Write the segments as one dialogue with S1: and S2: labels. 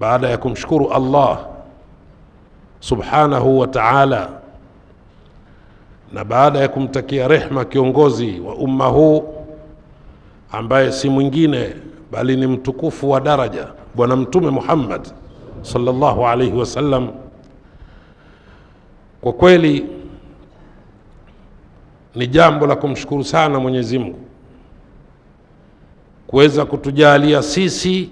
S1: baada ya kumshukuru allah subhanahu wa taala na baada ya kumtakia rehma kiongozi wa umma huu ambaye si mwingine bali ni mtukufu wa daraja bwana mtume muhammad sallallahu alaihi wasallam kwa kweli ni jambo la kumshukuru sana mwenyezi mungu kuweza kutujalia sisi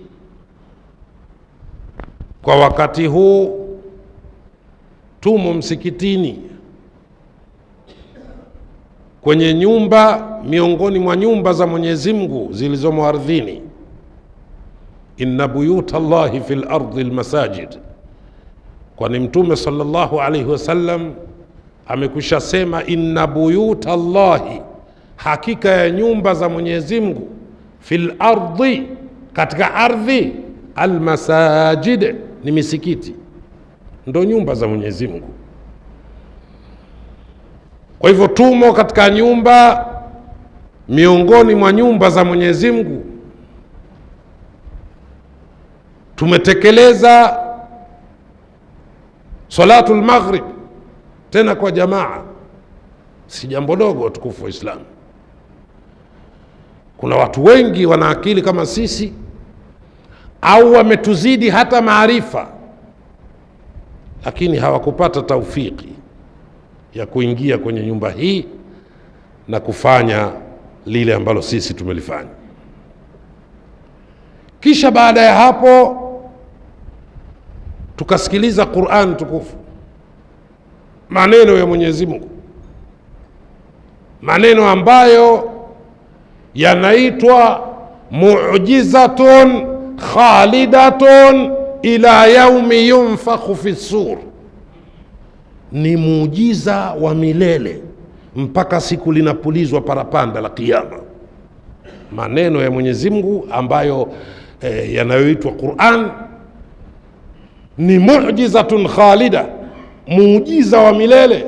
S1: kwa wakati huu tumo msikitini kwenye nyumba miongoni mwa nyumba za Mwenyezi Mungu zilizomo ardhini. Inna buyuta llahi fi lardi lmasajid, kwani Mtume sallallahu alaihi wasallam amekwisha sema inna buyuta llahi, hakika ya nyumba za Mwenyezi Mungu fi lardi, katika ardhi almasajid ni misikiti, ndo nyumba za Mwenyezi Mungu. Kwa hivyo tumo katika nyumba miongoni mwa nyumba za Mwenyezi Mungu. Tumetekeleza salatu maghrib tena kwa jamaa, si jambo dogo, watukufu wa Islamu. Kuna watu wengi wana akili kama sisi au wametuzidi hata maarifa, lakini hawakupata taufiki ya kuingia kwenye nyumba hii na kufanya lile ambalo sisi tumelifanya. Kisha baada ya hapo tukasikiliza Qur'an tukufu, maneno ya Mwenyezi Mungu, maneno ambayo yanaitwa mu'jizatun khalidatun ila yaumi yunfakhu fi sur, ni muujiza wa milele mpaka siku linapulizwa parapanda la Kiyama. Maneno ya Mwenyezi Mungu ambayo eh, yanayoitwa Quran ni mujizatun khalida, muujiza wa milele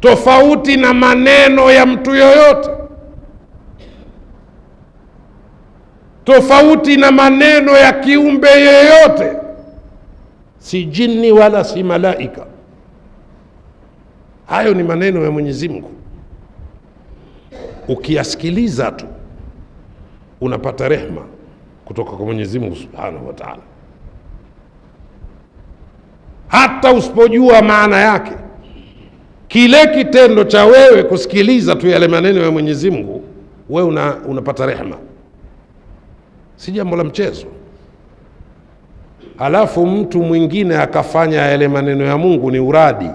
S1: tofauti na maneno ya mtu yoyote tofauti na maneno ya kiumbe yeyote, si jini wala si malaika. Hayo ni maneno ya Mwenyezi Mungu, ukiyasikiliza tu unapata rehma kutoka kwa Mwenyezi Mungu Subhanahu wa Ta'ala, hata usipojua maana yake. Kile kitendo cha wewe kusikiliza tu yale maneno ya Mwenyezi Mungu, wewe una, unapata rehma si jambo la mchezo alafu mtu mwingine akafanya yale maneno ya mungu ni uradi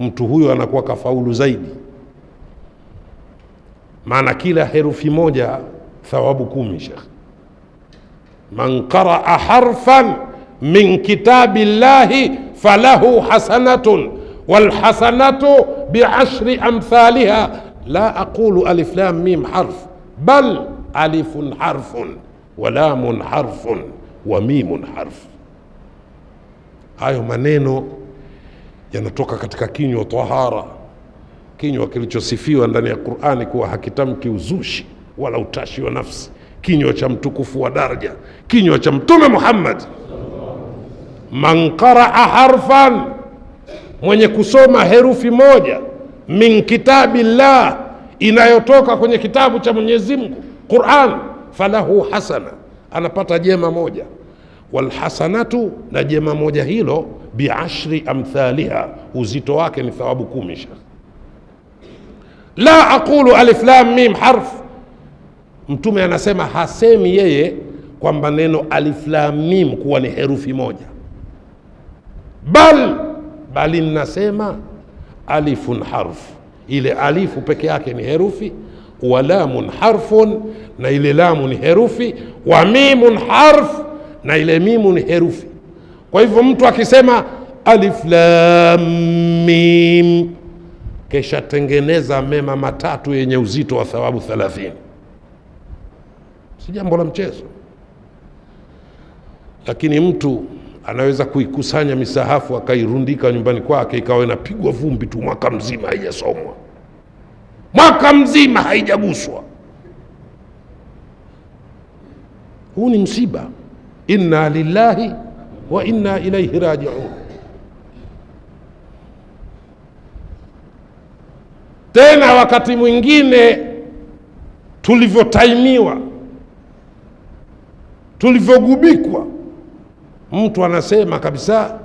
S1: mtu huyo anakuwa kafaulu zaidi maana kila herufi moja thawabu kumi shekh man qaraa harfan min kitabi llahi falahu hasanatun walhasanatu biashri amthaliha la aqulu alif lam mim harf bal alifun harfun wa harfun wa mimun harfu. Hayo maneno yanatoka katika kinywa tahara, kinywa kilichosifiwa ndani ya Qur'ani kuwa hakitamki uzushi wala utashi wa nafsi, kinywa cha mtukufu wa daraja, kinywa cha Mtume Muhammad. Man qaraa harfan, mwenye kusoma herufi moja min kitabillah, inayotoka kwenye kitabu cha Mwenyezi Mungu Quran falahu hasana, anapata jema moja. Walhasanatu, na jema moja hilo biashri amthaliha, uzito wake ni thawabu kumi. Shekh, la aqulu alif lam mim harf. Mtume anasema hasemi yeye kwamba neno alif lam mim kuwa ni herufi moja, bal bali nasema alifun harf, ile alifu peke yake ni herufi wa lamun harfun, na ile lamu ni herufi, wa mimun harf, na ile mimu ni herufi. Kwa hivyo mtu akisema alif lam mim, kisha tengeneza mema matatu yenye uzito wa thawabu 30 si jambo la mchezo. Lakini mtu anaweza kuikusanya misahafu akairundika nyumbani kwake ikawa inapigwa vumbi tu mwaka mzima haijasomwa mwaka mzima haijaguswa. Huu ni msiba, inna lillahi wa inna ilaihi rajiun. Tena wakati mwingine tulivyotaimiwa, tulivyogubikwa, mtu anasema kabisa,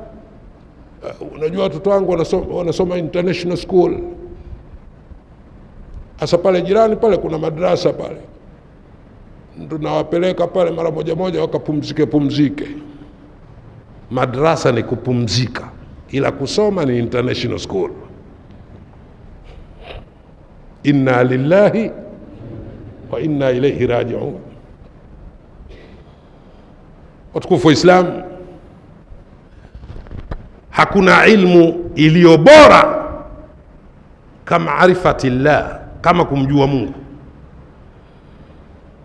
S1: uh, unajua watoto wangu wanasoma, wanasoma international school Hasa pale jirani pale kuna madrasa pale, tunawapeleka pale mara moja moja wakapumzike pumzike. Madrasa ni kupumzika, ila kusoma ni international school. Inna lillahi wa inna ilaihi rajiun. Watukufu wa islam hakuna ilmu iliyo bora kama arifati llah kama kumjua Mungu.